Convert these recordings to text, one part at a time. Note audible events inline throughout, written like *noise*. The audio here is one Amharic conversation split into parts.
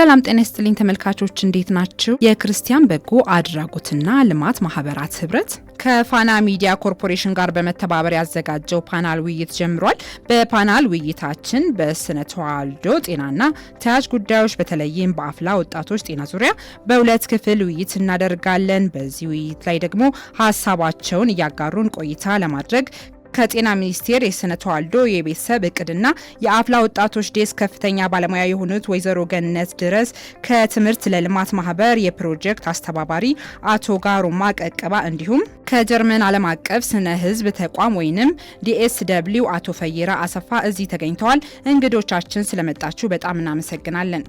ሰላም ጤና ይስጥልኝ ተመልካቾች፣ እንዴት ናችሁ? የክርስቲያን በጎ አድራጎትና ልማት ማህበራት ህብረት ከፋና ሚዲያ ኮርፖሬሽን ጋር በመተባበር ያዘጋጀው ፓናል ውይይት ጀምሯል። በፓናል ውይይታችን በስነ ተዋልዶ ጤናና ተያዥ ጉዳዮች በተለይም በአፍላ ወጣቶች ጤና ዙሪያ በሁለት ክፍል ውይይት እናደርጋለን። በዚህ ውይይት ላይ ደግሞ ሀሳባቸውን እያጋሩን ቆይታ ለማድረግ ከጤና ሚኒስቴር የስነ ተዋልዶ የቤተሰብ እቅድና የአፍላ ወጣቶች ዴስክ ከፍተኛ ባለሙያ የሆኑት ወይዘሮ ገነት ድረስ ከትምህርት ለልማት ማህበር የፕሮጀክት አስተባባሪ አቶ ጋሩማ ቀቀባ እንዲሁም ከጀርመን ዓለም አቀፍ ስነ ህዝብ ተቋም ወይንም ዲኤስ ደብሊው አቶ ፈየራ አሰፋ እዚህ ተገኝተዋል። እንግዶቻችን ስለመጣችሁ በጣም እናመሰግናለን።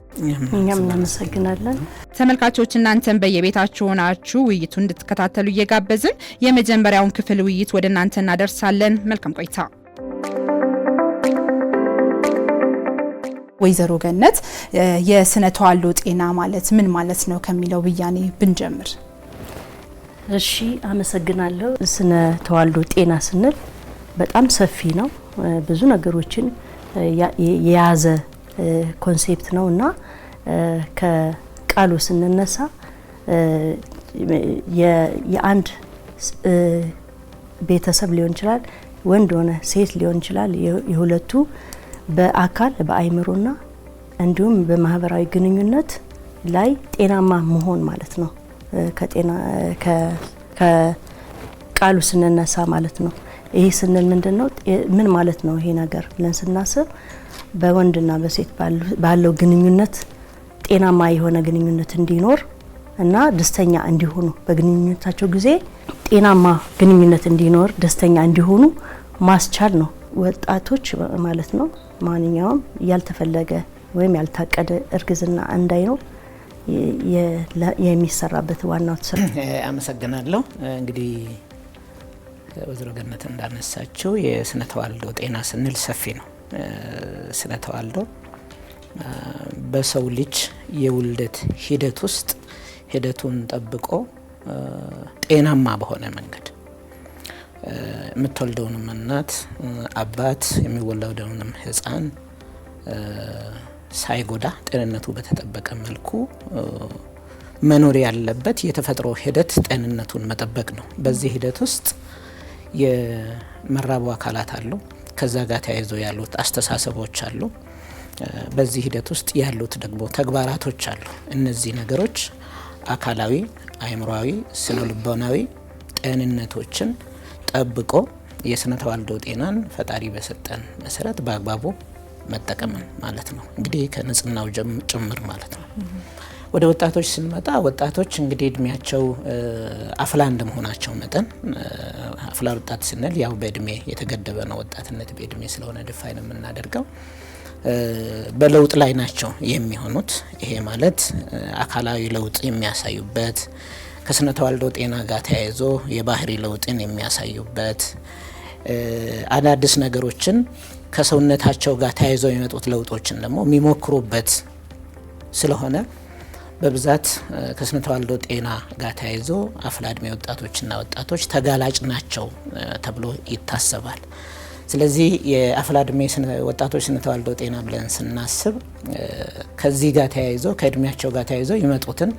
እኛም እናመሰግናለን። ተመልካቾች እናንተን በየቤታችሁ ሆናችሁ ውይይቱ እንድትከታተሉ እየጋበዝን የመጀመሪያውን ክፍል ውይይት ወደ እናንተ እናደርሳለን። ይስጥልን። መልካም ቆይታ። ወይዘሮ ገነት የስነ ተዋልዶ ጤና ማለት ምን ማለት ነው ከሚለው ብያኔ ብንጀምር። እሺ፣ አመሰግናለሁ። ስነ ተዋልዶ ጤና ስንል በጣም ሰፊ ነው፣ ብዙ ነገሮችን የያዘ ኮንሴፕት ነው እና ከቃሉ ስንነሳ የአንድ ቤተሰብ ሊሆን ይችላል ወንድ ሆነ ሴት ሊሆን ይችላል። የሁለቱ በአካል በአይምሮና እንዲሁም በማህበራዊ ግንኙነት ላይ ጤናማ መሆን ማለት ነው። ከቃሉ ስንነሳ ማለት ነው። ይሄ ስንል ምንድን ነው? ምን ማለት ነው ይሄ ነገር ብለን ስናስብ በወንድና በሴት ባለው ግንኙነት ጤናማ የሆነ ግንኙነት እንዲኖር እና ደስተኛ እንዲሆኑ በግንኙነታቸው ጊዜ ጤናማ ግንኙነት እንዲኖር ደስተኛ እንዲሆኑ ማስቻል ነው። ወጣቶች ማለት ነው ማንኛውም ያልተፈለገ ወይም ያልታቀደ እርግዝና እንዳይኖር የሚሰራበት ዋናው ስራ። *clears throat* አመሰግናለሁ። እንግዲህ ወይዘሮ ገነት እንዳነሳችው የስነ ተዋልዶ ጤና ስንል ሰፊ ነው። ስነ ተዋልዶ በሰው ልጅ የውልደት ሂደት ውስጥ ሂደቱን ጠብቆ ጤናማ በሆነ መንገድ የምትወልደውንም እናት አባት የሚወለደውንም ህፃን ሳይጎዳ ጤንነቱ በተጠበቀ መልኩ መኖር ያለበት የተፈጥሮ ሂደት ጤንነቱን መጠበቅ ነው። በዚህ ሂደት ውስጥ የመራቡ አካላት አሉ። ከዛ ጋር ተያይዞ ያሉት አስተሳሰቦች አሉ። በዚህ ሂደት ውስጥ ያሉት ደግሞ ተግባራቶች አሉ። እነዚህ ነገሮች አካላዊ፣ አእምሯዊ፣ ስነ ልቦናዊ ጤንነቶችን ጠብቆ የስነ ተዋልዶ ጤናን ፈጣሪ በሰጠን መሰረት በአግባቡ መጠቀምን ማለት ነው። እንግዲህ ከንጽህናው ጭምር ማለት ነው። ወደ ወጣቶች ስንመጣ ወጣቶች እንግዲህ እድሜያቸው አፍላ እንደመሆናቸው መጠን አፍላ ወጣት ስንል ያው በእድሜ የተገደበ ነው። ወጣትነት በእድሜ ስለሆነ ድፋይ ነው የምናደርገው። በለውጥ ላይ ናቸው የሚሆኑት። ይሄ ማለት አካላዊ ለውጥ የሚያሳዩበት ከስነ ተዋልዶ ጤና ጋር ተያይዞ የባህሪ ለውጥን የሚያሳዩበት አዳዲስ ነገሮችን ከሰውነታቸው ጋር ተያይዘው የሚመጡት ለውጦችን ደግሞ የሚሞክሩበት ስለሆነ በብዛት ከስነ ተዋልዶ ጤና ጋር ተያይዞ አፍላ እድሜ ወጣቶችና ወጣቶች ተጋላጭ ናቸው ተብሎ ይታሰባል። ስለዚህ የአፍላ እድሜ ወጣቶች ስነ ተዋልዶ ጤና ብለን ስናስብ ከዚህ ጋር ተያይዞ ከእድሜያቸው ጋር ተያይዞ ይመጡትን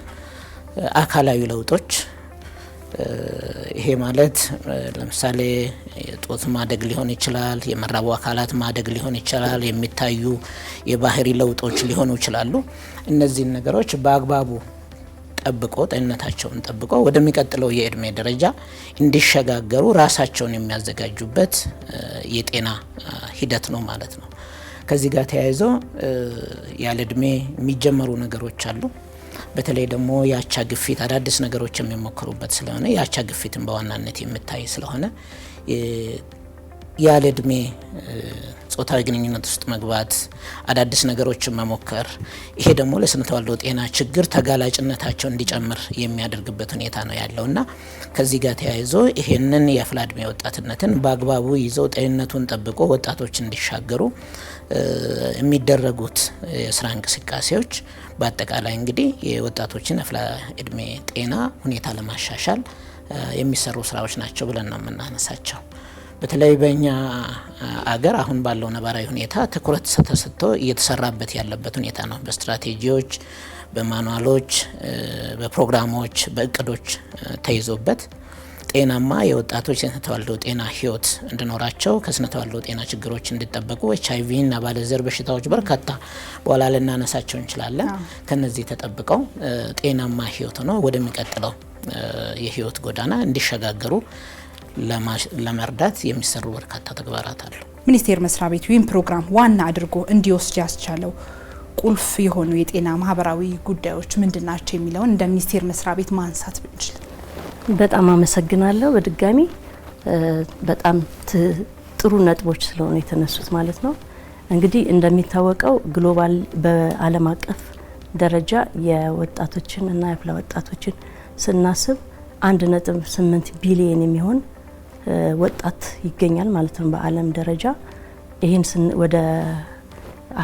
አካላዊ ለውጦች ይሄ ማለት ለምሳሌ የጡት ማደግ ሊሆን ይችላል፣ የመራቡ አካላት ማደግ ሊሆን ይችላል፣ የሚታዩ የባህሪ ለውጦች ሊሆኑ ይችላሉ። እነዚህን ነገሮች በአግባቡ ጠብቆ ጤንነታቸውን ጠብቆ ወደሚቀጥለው የእድሜ ደረጃ እንዲሸጋገሩ ራሳቸውን የሚያዘጋጁበት የጤና ሂደት ነው ማለት ነው። ከዚህ ጋር ተያይዞ ያለ እድሜ የሚጀመሩ ነገሮች አሉ። በተለይ ደግሞ የአቻ ግፊት አዳዲስ ነገሮች የሚሞክሩበት ስለሆነ የአቻ ግፊትን በዋናነት የምታይ ስለሆነ ያለ እድሜ ጾታዊ ግንኙነት ውስጥ መግባት፣ አዳዲስ ነገሮችን መሞከር፣ ይሄ ደግሞ ለስነ ተዋልዶ ጤና ችግር ተጋላጭነታቸው እንዲጨምር የሚያደርግበት ሁኔታ ነው ያለው እና ከዚህ ጋር ተያይዞ ይሄንን የአፍላ እድሜ ወጣትነትን በአግባቡ ይዘው ጤንነቱን ጠብቆ ወጣቶች እንዲሻገሩ የሚደረጉት የስራ እንቅስቃሴዎች በአጠቃላይ እንግዲህ የወጣቶችን አፍላ እድሜ ጤና ሁኔታ ለማሻሻል የሚሰሩ ስራዎች ናቸው ብለን ነው የምናነሳቸው። በተለይ በእኛ አገር አሁን ባለው ነባራዊ ሁኔታ ትኩረት ተሰጥቶ እየተሰራበት ያለበት ሁኔታ ነው። በስትራቴጂዎች፣ በማኑዋሎች፣ በፕሮግራሞች፣ በእቅዶች ተይዞበት ጤናማ የወጣቶች ተዋልዶ ጤና ህይወት እንዲኖራቸው ተዋልዶ ጤና ችግሮች እንዲጠበቁ ኤች አይ ቪ እና ባለዘር በሽታዎች በርካታ በኋላ ልናነሳቸው እንችላለን። ከነዚህ ተጠብቀው ጤናማ ህይወት ነው ወደሚቀጥለው የህይወት ጎዳና እንዲሸጋገሩ ለመርዳት የሚሰሩ በርካታ ተግባራት አሉ። ሚኒስቴር መስሪያ ቤቱ ይህን ፕሮግራም ዋና አድርጎ እንዲወስድ ያስቻለው ቁልፍ የሆኑ የጤና ማህበራዊ ጉዳዮች ምንድን ናቸው የሚለውን እንደ ሚኒስቴር መስሪያ ቤት ማንሳት ብንችል በጣም አመሰግናለሁ። በድጋሚ በጣም ጥሩ ነጥቦች ስለሆኑ የተነሱት ማለት ነው። እንግዲህ እንደሚታወቀው ግሎባል በዓለም አቀፍ ደረጃ የወጣቶችን እና የአፍላ ወጣቶችን ስናስብ አንድ ነጥብ ስምንት ቢሊየን የሚሆን ወጣት ይገኛል ማለት ነው በዓለም ደረጃ። ይህን ወደ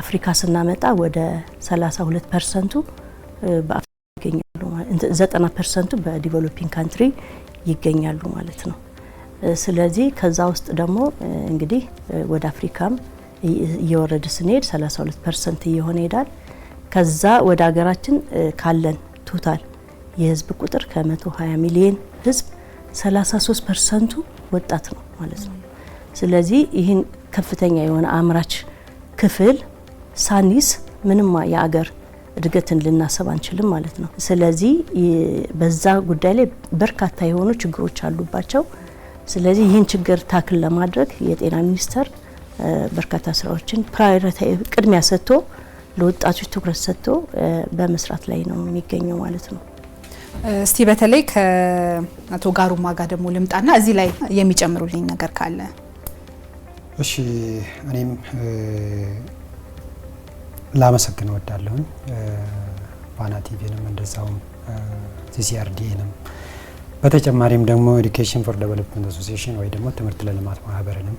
አፍሪካ ስናመጣ ወደ 32 ፐርሰንቱ ይገኛሉ። ዘጠና ፐርሰንቱ በዲቨሎፒንግ ካንትሪ ይገኛሉ ማለት ነው። ስለዚህ ከዛ ውስጥ ደግሞ እንግዲህ ወደ አፍሪካም እየወረደ ስንሄድ 32 ፐርሰንት እየሆነ ይሄዳል። ከዛ ወደ ሀገራችን ካለን ቶታል የህዝብ ቁጥር ከ120 ሚሊዮን ህዝብ 33 ፐርሰንቱ ወጣት ነው ማለት ነው። ስለዚህ ይህን ከፍተኛ የሆነ አምራች ክፍል ሳኒስ ምንም የአገር እድገትን ልናስብ አንችልም ማለት ነው። ስለዚህ በዛ ጉዳይ ላይ በርካታ የሆኑ ችግሮች አሉባቸው። ስለዚህ ይህን ችግር ታክል ለማድረግ የጤና ሚኒስቴር በርካታ ስራዎችን ፕራዮሪቲ ቅድሚያ ሰጥቶ ለወጣቶች ትኩረት ሰጥቶ በመስራት ላይ ነው የሚገኘው ማለት ነው። እስቲ በተለይ ከአቶ ጋሩማ ጋር ደግሞ ልምጣና እዚህ ላይ የሚጨምሩልኝ ነገር ካለ እሺ እኔም ላመሰግን እወዳለሁኝ። ፋና ቲቪንም እንደዛውም ሲሲአርዲኤንም በተጨማሪም ደግሞ ኤዲኬሽን ፎር ደቨሎፕመንት አሶሲሽን ወይ ደግሞ ትምህርት ለልማት ማህበርንም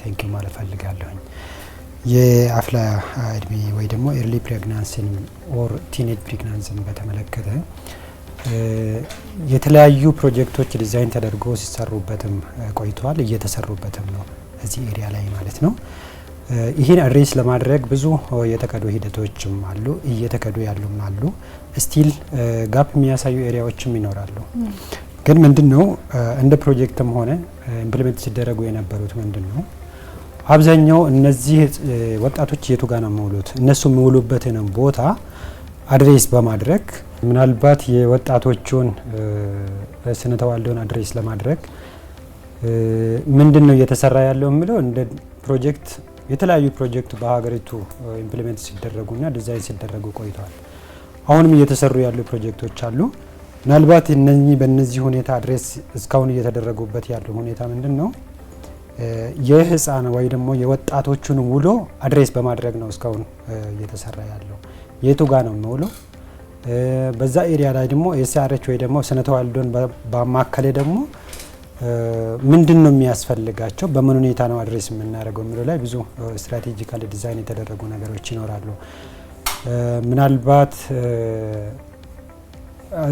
ቴንኪው ማለት ፈልጋለሁኝ። የአፍላ እድሜ ወይ ደግሞ ኤርሊ ፕሬግናንሲን ኦር ቲኔጅ ፕሬግናንሲን በተመለከተ የተለያዩ ፕሮጀክቶች ዲዛይን ተደርጎ ሲሰሩበትም ቆይተዋል፣ እየተሰሩበትም ነው እዚህ ኤሪያ ላይ ማለት ነው። ይህን ሬስ ለማድረግ ብዙ የተከዱ ሂደቶችም አሉ፣ እየተከዱ ያሉም አሉ። ስቲል ጋፕ uh, የሚያሳዩ ኤሪያዎችም ይኖራሉ። ግን ምንድን ነው uh, እንደ ፕሮጀክትም ሆነ ኢምፕሊመንት uh, ሲደረጉ የነበሩት ምንድን ነው አብዛኛው እነዚህ ወጣቶች የቱ ጋር ነው የሚውሉት? እነሱ የሚውሉበትንም ቦታ አድሬስ በማድረግ ምናልባት የወጣቶቹን ስነ ተዋልዶን አድሬስ ለማድረግ ምንድን ነው እየተሰራ ያለው የሚለው እንደ ፕሮጀክት የተለያዩ ፕሮጀክት በሀገሪቱ ኢምፕሊሜንት ሲደረጉና ዲዛይን ሲደረጉ ቆይተዋል። አሁንም እየተሰሩ ያሉ ፕሮጀክቶች አሉ። ምናልባት እነኚህ በእነዚህ ሁኔታ አድሬስ እስካሁን እየተደረጉበት ያሉ ሁኔታ ምንድን ነው? የህፃን ወይ ደግሞ የወጣቶቹን ውሎ አድሬስ በማድረግ ነው እስካሁን እየተሰራ ያለው። የቱ ጋ ነው የሚውሎ? በዛ ኤሪያ ላይ ደግሞ ኤስአርች ወይ ደግሞ ስነተዋልዶን ባማከለ ደግሞ ምንድን ነው የሚያስፈልጋቸው፣ በምን ሁኔታ ነው አድሬስ የምናደርገው የሚለው ላይ ብዙ ስትራቴጂካል ዲዛይን የተደረጉ ነገሮች ይኖራሉ። ምናልባት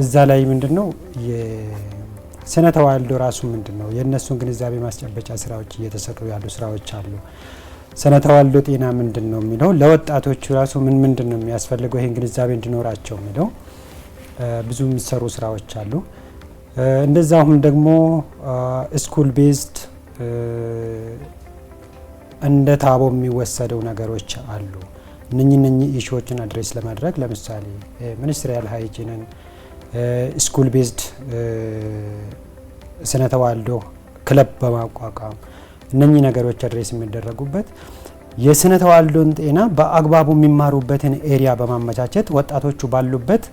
እዛ ላይ ምንድን ነው ስነ ተዋልዶ ራሱ ምንድን ነው የእነሱን ግንዛቤ ማስጨበጫ ስራዎች እየተሰሩ ያሉ ስራዎች አሉ። ስነ ተዋልዶ ጤና ምንድን ነው የሚለው ለወጣቶቹ ራሱ ምን ምንድን ነው የሚያስፈልገው ይህን ግንዛቤ እንዲኖራቸው የሚለው ብዙ የሚሰሩ ስራዎች አሉ። እንደዛሁም ደግሞ ስኩል ቤዝድ እንደ ታቦ የሚወሰደው ነገሮች አሉ። እነኝ እነኚህ ኢሹዎችን አድሬስ ለማድረግ ለምሳሌ ሚኒስትሪያል ሃይጂንን፣ ስኩል ቤዝድ ስነ ተዋልዶ ክለብ በማቋቋም እነኚህ ነገሮች አድሬስ የሚደረጉበት የስነ ተዋልዶን ጤና በአግባቡ የሚማሩበትን ኤሪያ በማመቻቸት ወጣቶቹ ባሉበት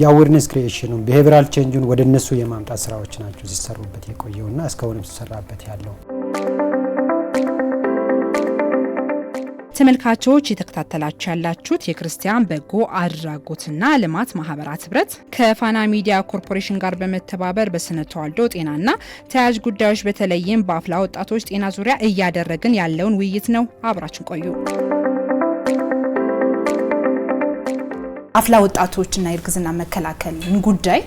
የአዌርነስ ክሪኤሽኑን ቢሄቪራል ቼንጁን ወደ እነሱ የማምጣት ስራዎች ናቸው ሲሰሩበት የቆየውና እስካሁንም ሲሰራበት ያለው። ተመልካቾች የተከታተላችሁ ያላችሁት የክርስቲያን በጎ አድራጎትና ልማት ማህበራት ህብረት ከፋና ሚዲያ ኮርፖሬሽን ጋር በመተባበር በስነ ተዋልዶ ጤናና ተያያዥ ጉዳዮች በተለይም በአፍላ ወጣቶች ጤና ዙሪያ እያደረግን ያለውን ውይይት ነው። አብራችን ቆዩ። አፍላ ወጣቶችና የእርግዝና መከላከልን ጉዳይ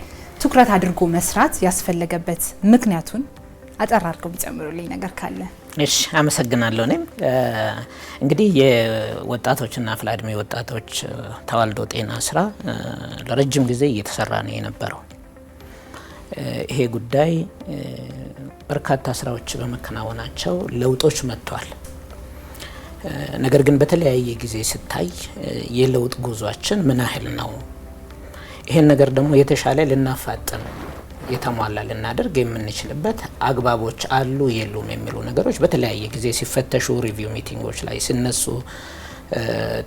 ትኩረት አድርጎ መስራት ያስፈለገበት ምክንያቱን አጠር አድርገው ቢጨምሩልኝ ነገር ካለ። እሺ፣ አመሰግናለሁ። እኔም እንግዲህ የወጣቶችና አፍላ እድሜ ወጣቶች ተዋልዶ ጤና ስራ ለረጅም ጊዜ እየተሰራ ነው የነበረው። ይሄ ጉዳይ በርካታ ስራዎች በመከናወናቸው ለውጦች መጥቷል። ነገር ግን በተለያየ ጊዜ ስታይ የለውጥ ጉዟችን ምን ያህል ነው? ይሄን ነገር ደግሞ የተሻለ ልናፋጥን የተሟላ ልናደርግ የምንችልበት አግባቦች አሉ የሉም የሚሉ ነገሮች በተለያየ ጊዜ ሲፈተሹ፣ ሪቪው ሚቲንጎች ላይ ሲነሱ፣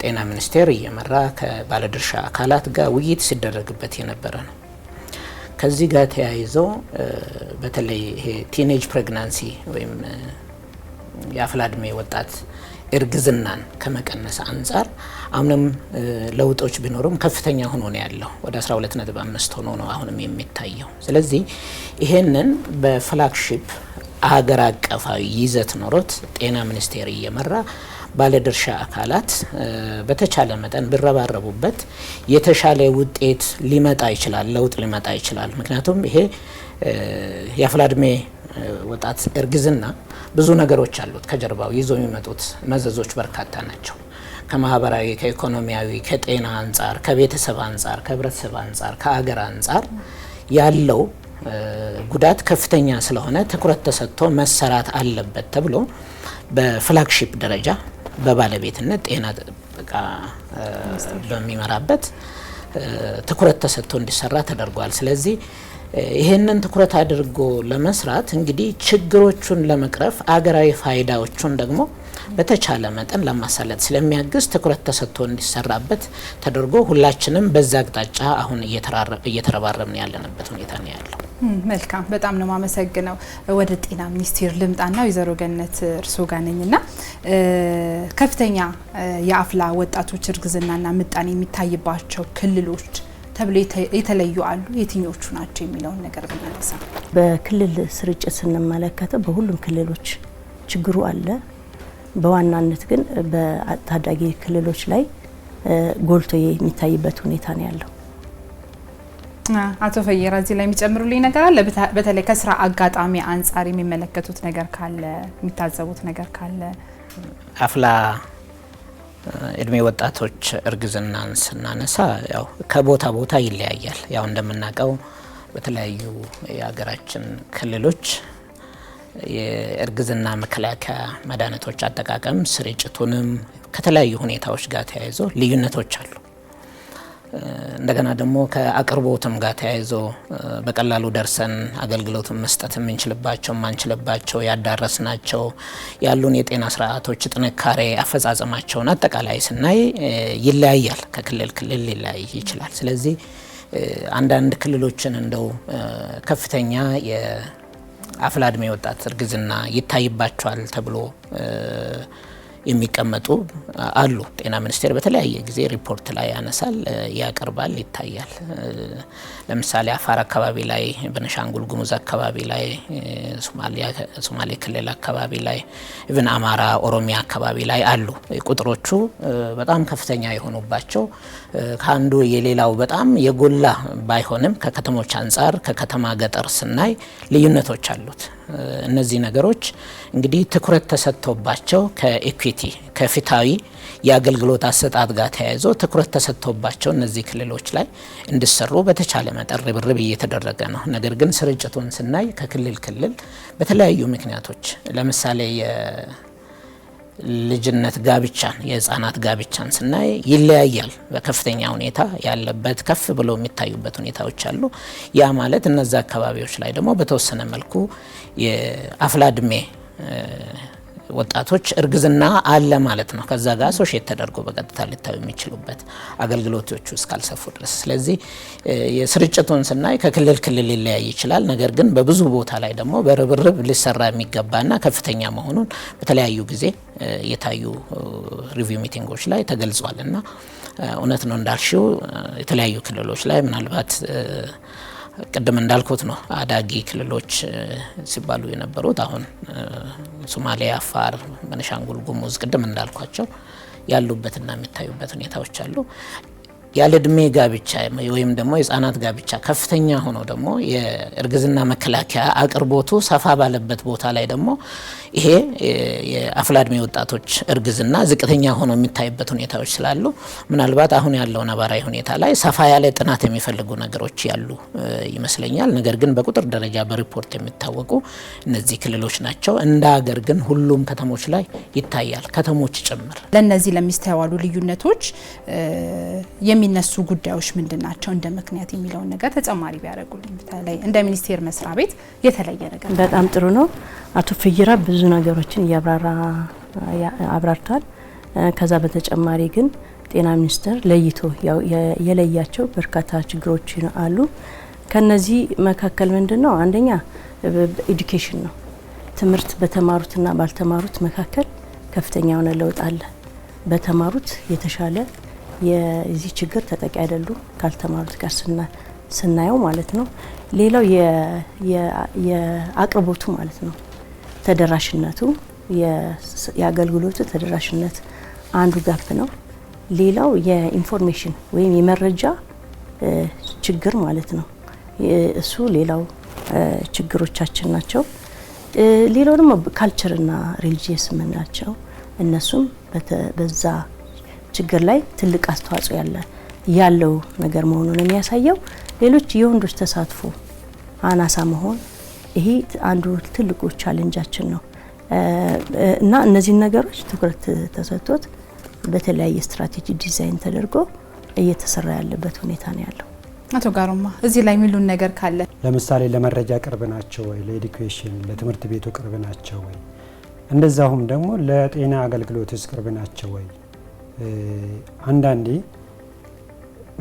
ጤና ሚኒስቴር እየመራ ከባለድርሻ አካላት ጋር ውይይት ሲደረግበት የነበረ ነው። ከዚህ ጋር ተያይዞ በተለይ ይሄ ቲኔጅ ፕሬግናንሲ ወይም የአፍላ እድሜ ወጣት እርግዝናን ከመቀነስ አንጻር አሁንም ለውጦች ቢኖሩም ከፍተኛ ሆኖ ነው ያለው። ወደ 12.5 ሆኖ ነው አሁንም የሚታየው። ስለዚህ ይሄንን በፍላግሺፕ አገር አቀፋዊ ይዘት ኖሮት ጤና ሚኒስቴር እየመራ ባለድርሻ አካላት በተቻለ መጠን ቢረባረቡበት የተሻለ ውጤት ሊመጣ ይችላል፣ ለውጥ ሊመጣ ይችላል። ምክንያቱም ይሄ የአፍላ እድሜ ወጣት እርግዝና ብዙ ነገሮች አሉት። ከጀርባው ይዘው የሚመጡት መዘዞች በርካታ ናቸው። ከማህበራዊ፣ ከኢኮኖሚያዊ፣ ከጤና አንጻር፣ ከቤተሰብ አንጻር፣ ከህብረተሰብ አንጻር፣ ከአገር አንጻር ያለው ጉዳት ከፍተኛ ስለሆነ ትኩረት ተሰጥቶ መሰራት አለበት ተብሎ በፍላግሺፕ ደረጃ በባለቤትነት ጤና ጥበቃ በሚመራበት ትኩረት ተሰጥቶ እንዲሰራ ተደርጓል። ስለዚህ ይሄንን ትኩረት አድርጎ ለመስራት እንግዲህ ችግሮቹን ለመቅረፍ አገራዊ ፋይዳዎቹን ደግሞ በተቻለ መጠን ለማሳለጥ ስለሚያግዝ ትኩረት ተሰጥቶ እንዲሰራበት ተደርጎ ሁላችንም በዛ አቅጣጫ አሁን እየተረባረብን ያለንበት ሁኔታ ነው ያለው። መልካም፣ በጣም ነው ማመሰግነው። ወደ ጤና ሚኒስቴር ልምጣና ወይዘሮ ገነት እርስዎ ጋር ና ከፍተኛ የአፍላ ወጣቶች እርግዝናና ምጣኔ የሚታይባቸው ክልሎች ተብሎ የተለዩ አሉ፣ የትኞቹ ናቸው የሚለውን ነገር ብናነሳ በክልል ስርጭት ስንመለከተው በሁሉም ክልሎች ችግሩ አለ። በዋናነት ግን በታዳጊ ክልሎች ላይ ጎልቶ የሚታይበት ሁኔታ ነው ያለው። አቶ ፈየራ እዚህ ላይ የሚጨምሩልኝ ነገር አለ? በተለይ ከስራ አጋጣሚ አንጻር የሚመለከቱት ነገር ካለ የሚታዘቡት ነገር ካለ አፍላ እድሜ ወጣቶች እርግዝናን ስናነሳ ያው ከቦታ ቦታ ይለያያል። ያው እንደምናውቀው በተለያዩ የሀገራችን ክልሎች የእርግዝና መከላከያ መድኃኒቶች አጠቃቀም ስርጭቱንም ከተለያዩ ሁኔታዎች ጋር ተያይዞ ልዩነቶች አሉ። እንደገና ደግሞ ከአቅርቦትም ጋር ተያይዞ በቀላሉ ደርሰን አገልግሎትን መስጠት የምንችልባቸው የማንችልባቸው ያዳረስ ናቸው ያሉን የጤና ስርዓቶች ጥንካሬ አፈጻጸማቸውን አጠቃላይ ስናይ ይለያያል፣ ከክልል ክልል ሊለያይ ይችላል። ስለዚህ አንዳንድ ክልሎችን እንደው ከፍተኛ የአፍላ እድሜ ወጣት እርግዝና ይታይባቸዋል ተብሎ የሚቀመጡ አሉ። ጤና ሚኒስቴር በተለያየ ጊዜ ሪፖርት ላይ ያነሳል፣ ያቀርባል፣ ይታያል። ለምሳሌ አፋር አካባቢ ላይ፣ በነሻንጉል ጉሙዝ አካባቢ ላይ፣ ሶማሌ ክልል አካባቢ ላይ፣ ኢቭን አማራ፣ ኦሮሚያ አካባቢ ላይ አሉ። ቁጥሮቹ በጣም ከፍተኛ የሆኑባቸው ከአንዱ የሌላው በጣም የጎላ ባይሆንም ከከተሞች አንጻር ከከተማ ገጠር ስናይ ልዩነቶች አሉት። እነዚህ ነገሮች እንግዲህ ትኩረት ተሰጥቶባቸው ከኢኩዊቲ ከፊታዊ የአገልግሎት አሰጣጥ ጋር ተያይዞ ትኩረት ተሰጥቶባቸው እነዚህ ክልሎች ላይ እንዲሰሩ በተቻለ መጠን ርብርብ እየተደረገ ነው። ነገር ግን ስርጭቱን ስናይ ከክልል ክልል በተለያዩ ምክንያቶች ለምሳሌ ልጅነት ጋብቻን የህፃናት ጋብቻን ስናይ ይለያያል በከፍተኛ ሁኔታ ያለበት ከፍ ብለው የሚታዩበት ሁኔታዎች አሉ። ያ ማለት እነዚ አካባቢዎች ላይ ደግሞ በተወሰነ መልኩ የአፍላ እድሜ ወጣቶች እርግዝና አለ ማለት ነው። ከዛ ጋር ሶሼት ተደርጎ በቀጥታ ሊታዩ የሚችሉበት አገልግሎቶቹ እስካልሰፉ ድረስ። ስለዚህ የስርጭቱን ስናይ ከክልል ክልል ሊለያይ ይችላል። ነገር ግን በብዙ ቦታ ላይ ደግሞ በርብርብ ሊሰራ የሚገባና ከፍተኛ መሆኑን በተለያዩ ጊዜ የታዩ ሪቪው ሚቲንጎች ላይ ተገልጿል እና እውነት ነው እንዳልሽው የተለያዩ ክልሎች ላይ ምናልባት ቅድም እንዳልኩት ነው አዳጊ ክልሎች ሲባሉ የነበሩት አሁን ሶማሌ፣ አፋር፣ በነሻንጉል ጉሙዝ ቅድም እንዳልኳቸው ያሉበትና የሚታዩበት ሁኔታዎች አሉ። ያለ እድሜ ጋብቻ ወይም ደግሞ የህፃናት ጋብቻ ከፍተኛ ሆኖ ደግሞ የእርግዝና መከላከያ አቅርቦቱ ሰፋ ባለበት ቦታ ላይ ደግሞ ይሄ የአፍላ እድሜ ወጣቶች እርግዝና ዝቅተኛ ሆኖ የሚታይበት ሁኔታዎች ስላሉ ምናልባት አሁን ያለው ነባራዊ ሁኔታ ላይ ሰፋ ያለ ጥናት የሚፈልጉ ነገሮች ያሉ ይመስለኛል። ነገር ግን በቁጥር ደረጃ በሪፖርት የሚታወቁ እነዚህ ክልሎች ናቸው። እንደ ሀገር ግን ሁሉም ከተሞች ላይ ይታያል፣ ከተሞች ጭምር ለእነዚህ ለሚስተዋሉ ልዩነቶች የሚነሱ ጉዳዮች ምንድን ናቸው እንደ ምክንያት የሚለውን ነገር ተጨማሪ ቢያደርጉልኝ በተለይ እንደ ሚኒስቴር መስሪያ ቤት የተለየ ነገር። በጣም ጥሩ ነው። አቶ ፍይራ ብዙ ነገሮችን እያብራራ አብራርቷል። ከዛ በተጨማሪ ግን ጤና ሚኒስቴር ለይቶ የለያቸው በርካታ ችግሮች አሉ። ከነዚህ መካከል ምንድን ነው አንደኛ ኤዱኬሽን ነው። ትምህርት በተማሩትና ባልተማሩት መካከል ከፍተኛ የሆነ ለውጥ አለ። በተማሩት የተሻለ የዚህ ችግር ተጠቂ አይደሉም ካልተማሩት ጋር ስናየው ማለት ነው። ሌላው የአቅርቦቱ ማለት ነው ተደራሽነቱ የአገልግሎቱ ተደራሽነት አንዱ ጋፕ ነው። ሌላው የኢንፎርሜሽን ወይም የመረጃ ችግር ማለት ነው። እሱ ሌላው ችግሮቻችን ናቸው። ሌላው ደግሞ ካልቸርና ሪሊጂየስ የምንላቸው እነሱም በዛ ችግር ላይ ትልቅ አስተዋጽኦ ያለ ያለው ነገር መሆኑን የሚያሳየው ሌሎች የወንዶች ተሳትፎ አናሳ መሆን ይሄ አንዱ ትልቁ ቻሌንጃችን ነው እና እነዚህን ነገሮች ትኩረት ተሰጥቶት በተለያየ ስትራቴጂ ዲዛይን ተደርጎ እየተሰራ ያለበት ሁኔታ ነው ያለው። አቶ ጋሩማ እዚህ ላይ የሚሉን ነገር ካለ ለምሳሌ ለመረጃ ቅርብ ናቸው ወይ? ለኤዱኬሽን ለትምህርት ቤቱ ቅርብ ናቸው ወይ? እንደዛሁም ደግሞ ለጤና አገልግሎትስ ቅርብ ናቸው ወይ? አንዳንዴ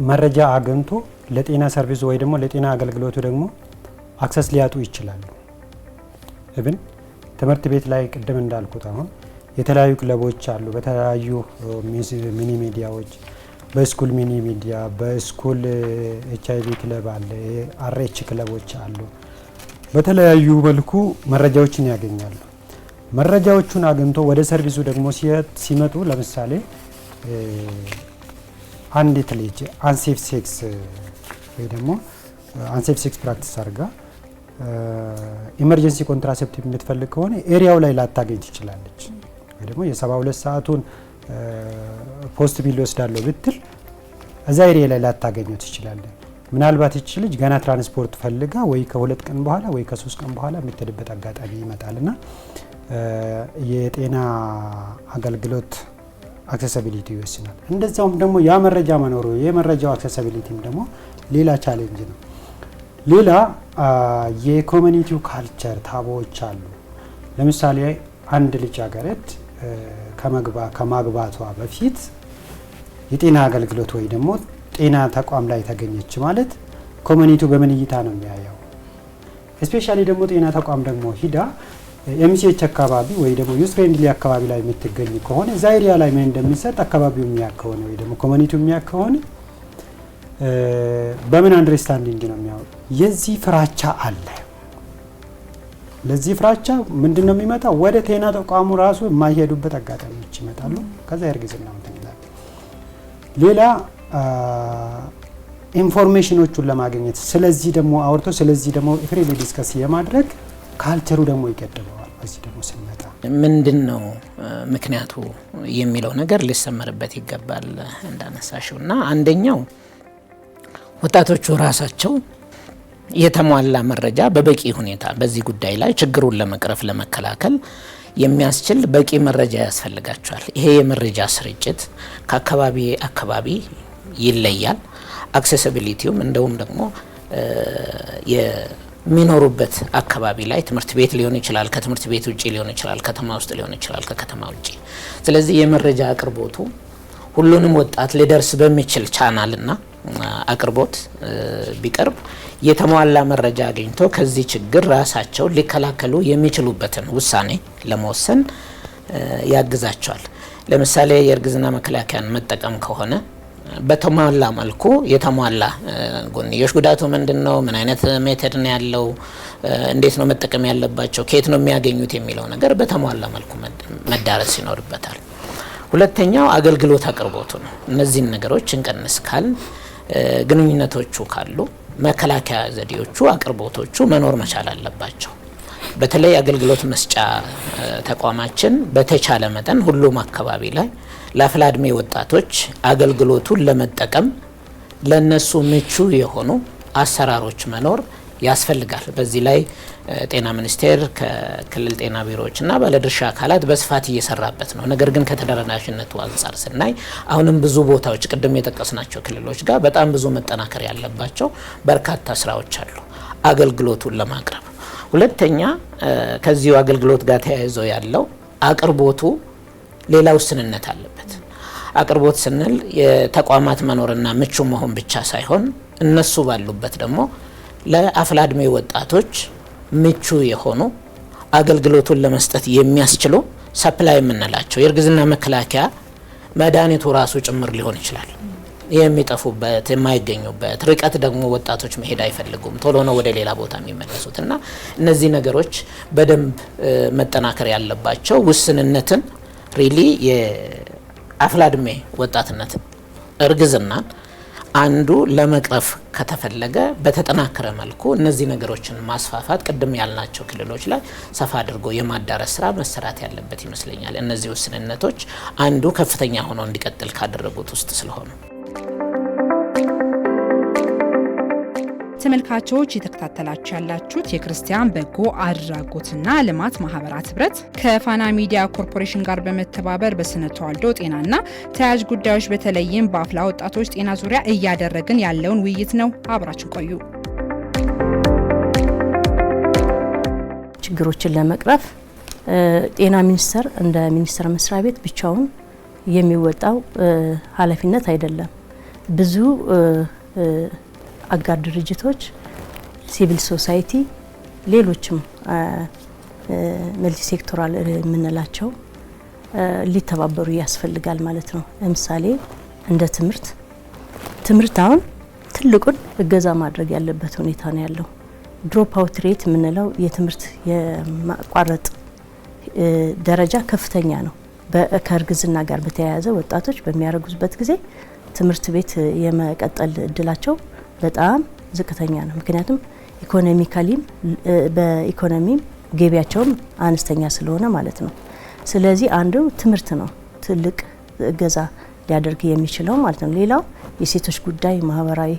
መረጃ አግኝቶ ለጤና ሰርቪሱ ወይ ደግሞ ለጤና አገልግሎቱ ደግሞ አክሰስ ሊያጡ ይችላሉ። እብን ትምህርት ቤት ላይ ቅድም እንዳልኩት አሁን የተለያዩ ክለቦች አሉ። በተለያዩ ሚኒ ሚዲያዎች በስኩል ሚኒ ሚዲያ፣ በስኩል ኤች አይቪ ክለብ አለ፣ አርኤች ክለቦች አሉ። በተለያዩ መልኩ መረጃዎችን ያገኛሉ። መረጃዎቹን አግኝቶ ወደ ሰርቪሱ ደግሞ ሲመጡ ለምሳሌ አንዲት ልጅ አንሴፍ ሴክስ ወይ ደግሞ አንሴፍ ሴክስ ፕራክቲስ አድርጋ ኢመርጀንሲ ኮንትራሴፕቲቭ የምትፈልግ ከሆነ ኤሪያው ላይ ላታገኝ ትችላለች። ወይ ደግሞ የሰባ ሁለት ሰዓቱን ፖስት ቢል ወስዳለሁ ብትል እዛ ኤሪያ ላይ ላታገኘው ትችላለን። ምናልባት ይች ልጅ ገና ትራንስፖርት ፈልጋ ወይ ከሁለት ቀን በኋላ ወይ ከሶስት ቀን በኋላ የምትሄድበት አጋጣሚ ይመጣልና የጤና አገልግሎት አክሰሲቢሊቲ ይወስናል። እንደዛውም ደግሞ ያ መረጃ መኖሩ የመረጃው አክሰሲቢሊቲም ደግሞ ሌላ ቻሌንጅ ነው። ሌላ የኮሚኒቲው ካልቸር ታቦዎች አሉ። ለምሳሌ አንድ ልጃገረድ ከማግባቷ በፊት የጤና አገልግሎት ወይ ደግሞ ጤና ተቋም ላይ ተገኘች ማለት ኮሚኒቲው በምን እይታ ነው የሚያየው? ስፔሻሊ ደግሞ ጤና ተቋም ደግሞ ሂዳ ኤምሲኤች አካባቢ ወይ ደግሞ ዩዝ ፍሬንድሊ አካባቢ ላይ የምትገኝ ከሆነ እዛ ኤሪያ ላይ ምን እንደሚሰጥ አካባቢው የሚያ ከሆነ ወይ ደግሞ ኮሚኒቲው የሚያ ከሆነ በምን አንደርስታንዲንግ ነው የሚያወቅ። የዚህ ፍራቻ አለ። ለዚህ ፍራቻ ምንድን ነው የሚመጣው? ወደ ጤና ተቋሙ ራሱ የማይሄዱበት አጋጣሚዎች ይመጣሉ። ከዛ እርግዝና እንትን ይላል። ሌላ ኢንፎርሜሽኖቹን ለማግኘት ስለዚህ ደግሞ አውርቶ ስለዚህ ደግሞ ፍሬ ዲስከስ የማድረግ ካልቸሩ ደግሞ ይገድበዋል። በዚህ ደግሞ ስንመጣ ምንድን ነው ምክንያቱ የሚለው ነገር ሊሰመርበት ይገባል እንዳነሳሽው እና አንደኛው ወጣቶቹ ራሳቸው የተሟላ መረጃ በበቂ ሁኔታ በዚህ ጉዳይ ላይ ችግሩን ለመቅረፍ ለመከላከል የሚያስችል በቂ መረጃ ያስፈልጋቸዋል። ይሄ የመረጃ ስርጭት ከአካባቢ አካባቢ ይለያል። አክሴሲቢሊቲውም እንደውም ደግሞ የሚኖሩበት አካባቢ ላይ ትምህርት ቤት ሊሆን ይችላል፣ ከትምህርት ቤት ውጭ ሊሆን ይችላል፣ ከተማ ውስጥ ሊሆን ይችላል፣ ከከተማ ውጭ። ስለዚህ የመረጃ አቅርቦቱ ሁሉንም ወጣት ሊደርስ በሚችል ቻናልና አቅርቦት ቢቀርብ የተሟላ መረጃ አግኝቶ ከዚህ ችግር ራሳቸው ሊከላከሉ የሚችሉበትን ውሳኔ ለመወሰን ያግዛቸዋል። ለምሳሌ የእርግዝና መከላከያን መጠቀም ከሆነ በተሟላ መልኩ የተሟላ ጎንዮሽ ጉዳቱ ምንድን ነው? ምን አይነት ሜተድ ነው ያለው? እንዴት ነው መጠቀም ያለባቸው? ከየት ነው የሚያገኙት? የሚለው ነገር በተሟላ መልኩ መዳረስ ይኖርበታል። ሁለተኛው አገልግሎት አቅርቦቱ ነው። እነዚህን ነገሮች እንቀንስ ካል ግንኙነቶቹ ካሉ መከላከያ ዘዴዎቹ፣ አቅርቦቶቹ መኖር መቻል አለባቸው። በተለይ አገልግሎት መስጫ ተቋማችን በተቻለ መጠን ሁሉም አካባቢ ላይ ለአፍላ እድሜ ወጣቶች አገልግሎቱን ለመጠቀም ለነሱ ምቹ የሆኑ አሰራሮች መኖር ያስፈልጋል። በዚህ ላይ ጤና ሚኒስቴር ከክልል ጤና ቢሮዎች እና ባለድርሻ አካላት በስፋት እየሰራበት ነው። ነገር ግን ከተደራሽነቱ አንጻር ስናይ አሁንም ብዙ ቦታዎች ቅድም የጠቀስናቸው ክልሎች ጋር በጣም ብዙ መጠናከር ያለባቸው በርካታ ስራዎች አሉ አገልግሎቱን ለማቅረብ። ሁለተኛ ከዚሁ አገልግሎት ጋር ተያይዞ ያለው አቅርቦቱ ሌላ ውስንነት አለበት። አቅርቦት ስንል የተቋማት መኖርና ምቹ መሆን ብቻ ሳይሆን እነሱ ባሉበት ደግሞ ለአፍላ እድሜ ወጣቶች ምቹ የሆኑ አገልግሎቱን ለመስጠት የሚያስችሉ ሰፕላይ የምንላቸው የእርግዝና መከላከያ መድኃኒቱ ራሱ ጭምር ሊሆን ይችላል። የሚጠፉበት የማይገኙበት ርቀት ደግሞ ወጣቶች መሄድ አይፈልጉም። ቶሎ ነው ወደ ሌላ ቦታ የሚመለሱት እና እነዚህ ነገሮች በደንብ መጠናከር ያለባቸው ውስንነትን ሪሊ የአፍላ እድሜ ወጣትነት እርግዝናን አንዱ ለመቅረፍ ከተፈለገ በተጠናከረ መልኩ እነዚህ ነገሮችን ማስፋፋት ቅድም ያልናቸው ክልሎች ላይ ሰፋ አድርጎ የማዳረስ ስራ መሰራት ያለበት ይመስለኛል። እነዚህ ውስንነቶች አንዱ ከፍተኛ ሆኖ እንዲቀጥል ካደረጉት ውስጥ ስለሆኑ ተመልካቾች የተከታተላችሁ ያላችሁት የክርስቲያን በጎ አድራጎትና ልማት ማህበራት ህብረት ከፋና ሚዲያ ኮርፖሬሽን ጋር በመተባበር በስነ ተዋልዶ ጤናና ተያያዥ ጉዳዮች በተለይም በአፍላ ወጣቶች ጤና ዙሪያ እያደረግን ያለውን ውይይት ነው። አብራችሁ ቆዩ። ችግሮችን ለመቅረፍ ጤና ሚኒስቴር እንደ ሚኒስቴር መስሪያ ቤት ብቻውን የሚወጣው ኃላፊነት አይደለም ብዙ አጋር ድርጅቶች፣ ሲቪል ሶሳይቲ፣ ሌሎችም መልቲ ሴክቶራል የምንላቸው ሊተባበሩ ያስፈልጋል ማለት ነው። ለምሳሌ እንደ ትምህርት ትምህርት አሁን ትልቁን እገዛ ማድረግ ያለበት ሁኔታ ነው ያለው። ድሮፕ አውት ሬት የምንለው የትምህርት የማቋረጥ ደረጃ ከፍተኛ ነው። ከእርግዝና ጋር በተያያዘ ወጣቶች በሚያረግዙበት ጊዜ ትምህርት ቤት የመቀጠል እድላቸው በጣም ዝቅተኛ ነው። ምክንያቱም ኢኮኖሚካሊም በኢኮኖሚም ገቢያቸውም አነስተኛ ስለሆነ ማለት ነው። ስለዚህ አንዱ ትምህርት ነው ትልቅ እገዛ ሊያደርግ የሚችለው ማለት ነው። ሌላው የሴቶች ጉዳይ፣ ማህበራዊ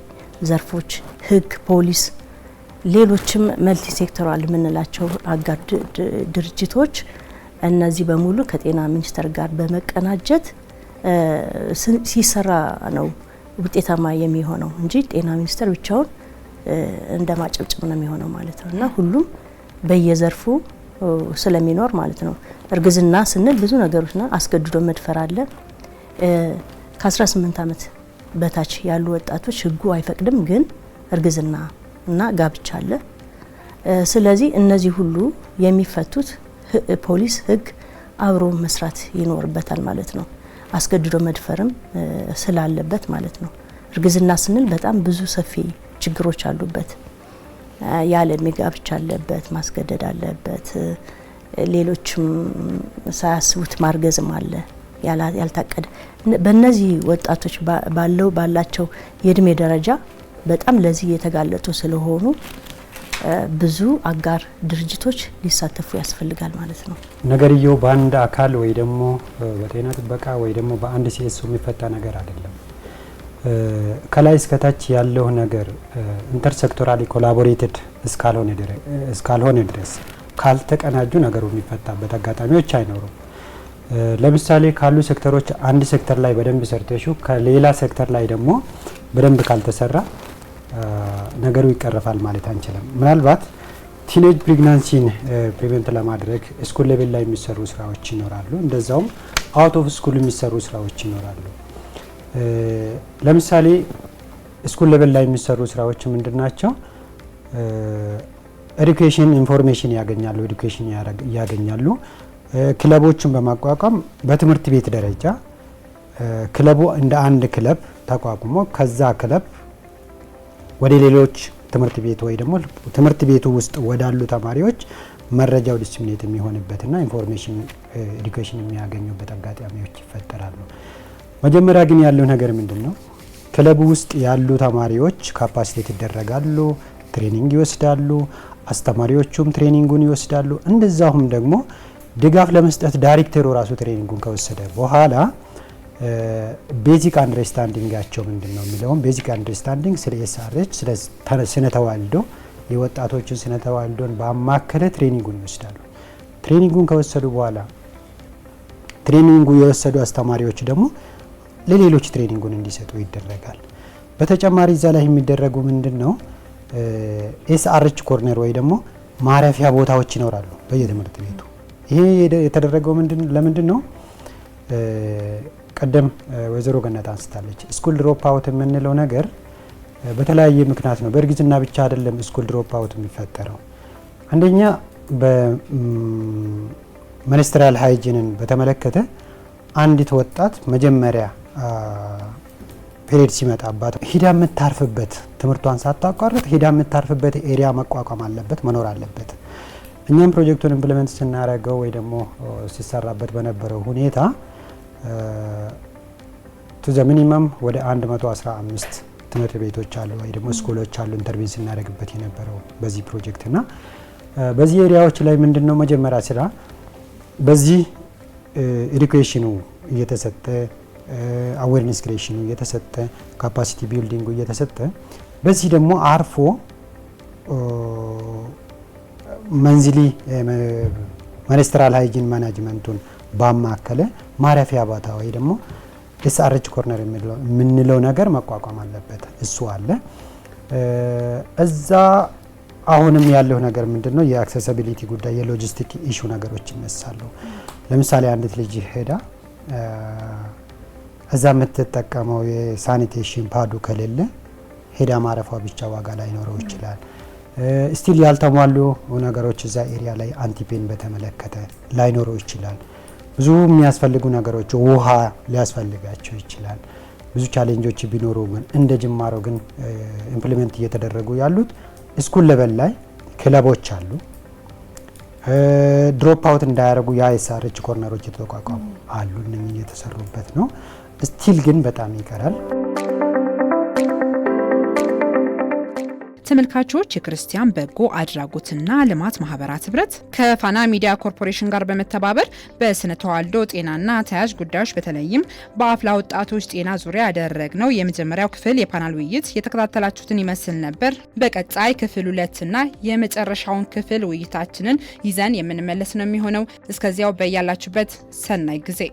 ዘርፎች፣ ህግ፣ ፖሊስ፣ ሌሎችም መልቲ ሴክተራል የምንላቸው አጋር ድርጅቶች እነዚህ በሙሉ ከጤና ሚኒስቴር ጋር በመቀናጀት ሲሰራ ነው ውጤታማ የሚሆነው እንጂ ጤና ሚኒስቴር ብቻውን እንደ ማጨብጨብ ነው የሚሆነው ማለት ነው እና ሁሉም በየዘርፉ ስለሚኖር ማለት ነው። እርግዝና ስንል ብዙ ነገሮች ነው። አስገድዶ መድፈር አለ። ከ18 ዓመት በታች ያሉ ወጣቶች ህጉ አይፈቅድም፣ ግን እርግዝና እና ጋብቻ አለ። ስለዚህ እነዚህ ሁሉ የሚፈቱት ፖሊስ፣ ህግ አብሮ መስራት ይኖርበታል ማለት ነው። አስገድዶ መድፈርም ስላለበት ማለት ነው። እርግዝና ስንል በጣም ብዙ ሰፊ ችግሮች አሉበት። ያለ እድሜ ጋብቻ አለበት፣ ማስገደድ አለበት፣ ሌሎችም ሳያስቡት ማርገዝም አለ ያልታቀደ። በእነዚህ ወጣቶች ባለው ባላቸው የእድሜ ደረጃ በጣም ለዚህ የተጋለጡ ስለሆኑ ብዙ አጋር ድርጅቶች ሊሳተፉ ያስፈልጋል ማለት ነው። ነገርየው በአንድ አካል ወይ ደግሞ በጤና ጥበቃ ወይ ደግሞ በአንድ ሲኤስ የሚፈታ ነገር አይደለም። ከላይ እስከታች ያለው ነገር ኢንተርሴክቶራሊ ኮላቦሬትድ እስካልሆነ ድረስ ካልተቀናጁ ነገሩ የሚፈታበት አጋጣሚዎች አይኖሩም። ለምሳሌ ካሉ ሴክተሮች አንድ ሴክተር ላይ በደንብ ሰርተሹ ከሌላ ሴክተር ላይ ደግሞ በደንብ ካልተሰራ ነገሩ ይቀረፋል ማለት አንችልም። ምናልባት ቲኔጅ ፕሪግናንሲን ፕሪቨንት ለማድረግ ስኩል ሌቨል ላይ የሚሰሩ ስራዎች ይኖራሉ። እንደዛውም አውት ኦፍ ስኩል የሚሰሩ ስራዎች ይኖራሉ። ለምሳሌ ስኩል ሌቨል ላይ የሚሰሩ ስራዎች ምንድን ናቸው? ኤዱኬሽን ኢንፎርሜሽን ያገኛሉ፣ ኤዱኬሽን ያገኛሉ። ክለቦቹን በማቋቋም በትምህርት ቤት ደረጃ ክለቡ እንደ አንድ ክለብ ተቋቁሞ ከዛ ክለብ ወደ ሌሎች ትምህርት ቤት ወይ ደግሞ ትምህርት ቤቱ ውስጥ ወዳሉ ተማሪዎች መረጃው ዲስሚኔት የሚሆንበትና ኢንፎርሜሽን ኤዲኬሽን uh, የሚያገኙበት አጋጣሚዎች ይፈጠራሉ። መጀመሪያ ግን ያለው ነገር ምንድን ነው? ክለብ ውስጥ ያሉ ተማሪዎች ካፓሲቴት ይደረጋሉ፣ ትሬኒንግ ይወስዳሉ፣ አስተማሪዎቹም ትሬኒንጉን ይወስዳሉ። እንደዛሁም ደግሞ ድጋፍ ለመስጠት ዳይሬክተሩ ራሱ ትሬኒንጉን ከወሰደ በኋላ ቤዚክ አንደርስታንዲንጋቸው ምንድን ነው የሚለውም ቤዚክ አንደርስታንዲንግ ስለ ኤስአርኤች ስነ ተዋልዶ የወጣቶችን ስነ ተዋልዶን በአማከለ ትሬኒንጉን ይወስዳሉ። ትሬኒንጉን ከወሰዱ በኋላ ትሬኒንጉ የወሰዱ አስተማሪዎች ደግሞ ለሌሎች ትሬኒንጉን እንዲሰጡ ይደረጋል። በተጨማሪ እዛ ላይ የሚደረጉ ምንድን ነው ኤስአርኤች ኮርነር ወይ ደግሞ ማረፊያ ቦታዎች ይኖራሉ በየትምህርት ቤቱ። ይሄ የተደረገው ለምንድን ነው? ቀደም ወይዘሮ ገነት አንስታለች። ስኩል ድሮፕ አውት የምንለው ነገር በተለያየ ምክንያት ነው። በእርግዝና ብቻ አይደለም ስኩል ድሮፕ አውት የሚፈጠረው። አንደኛ በሚኒስትሪያል ሃይጂንን በተመለከተ አንዲት ወጣት መጀመሪያ ፔሬድ ሲመጣባት ሂዳ የምታርፍበት ትምህርቷን ሳታቋርጥ ሂዳ የምታርፍበት ኤሪያ መቋቋም አለበት መኖር አለበት። እኛም ፕሮጀክቱን ኢምፕሊመንት ስናደርገው ወይ ደግሞ ሲሰራበት በነበረው ሁኔታ ቱዘ ሚኒመም ወደ 115 ትምህርት ቤቶች አሉ ወይ ደግሞ ስኩሎች አሉ ኢንተርቪን ስናደርግበት የነበረው በዚህ ፕሮጀክት እና በዚህ ኤሪያዎች ላይ ምንድን ነው መጀመሪያ ስራ በዚህ ኤዱኬሽኑ እየተሰጠ አዌርነስ ክሬሽኑ እየተሰጠ ካፓሲቲ ቢልዲንጉ እየተሰጠ በዚህ ደግሞ አርፎ መንዝሊ ማንስተራል ሃይጂን ማናጅመንቱን ባማከለ ማረፊያ ቦታ ወይ ደግሞ ኤስአርች ኮርነር የምንለው ነገር መቋቋም አለበት። እሱ አለ እዛ። አሁንም ያለው ነገር ምንድን ነው? ጉዳይ የሎጂስቲክ ኢሹ ነገሮች ይነሳሉ። ለምሳሌ አንዲት ልጅ ሄዳ እዛ የምትጠቀመው የሳኒቴሽን ፓዱ ከሌለ ሄዳ ማረፏ ብቻ ዋጋ ላይኖረው ይችላል። ስቲል ያልተሟሉ ነገሮች እዛ ኤሪያ ላይ አንቲፔን በተመለከተ ላይኖረው ይችላል። ብዙ የሚያስፈልጉ ነገሮች ውሃ ሊያስፈልጋቸው ይችላል። ብዙ ቻሌንጆች ቢኖሩ ግን እንደ ጅማሮ ግን ኢምፕሊመንት እየተደረጉ ያሉት እስኩል ለበል ላይ ክለቦች አሉ። ድሮፕ አውት እንዳያደርጉ የአይሳርች ኮርነሮች የተቋቋሙ አሉ። እነ እየተሰሩበት ነው። ስቲል ግን በጣም ይቀራል። ተመልካቾች የክርስቲያን በጎ አድራጎትና ልማት ማህበራት ህብረት ከፋና ሚዲያ ኮርፖሬሽን ጋር በመተባበር በስነ ተዋልዶ ጤናና ተያያዥ ጉዳዮች በተለይም በአፍላ ወጣቶች ጤና ዙሪያ ያደረግነው የመጀመሪያው ክፍል የፓናል ውይይት የተከታተላችሁትን ይመስል ነበር። በቀጣይ ክፍል ሁለትና የመጨረሻውን ክፍል ውይይታችንን ይዘን የምንመለስ ነው የሚሆነው። እስከዚያው በያላችሁበት ሰናይ ጊዜ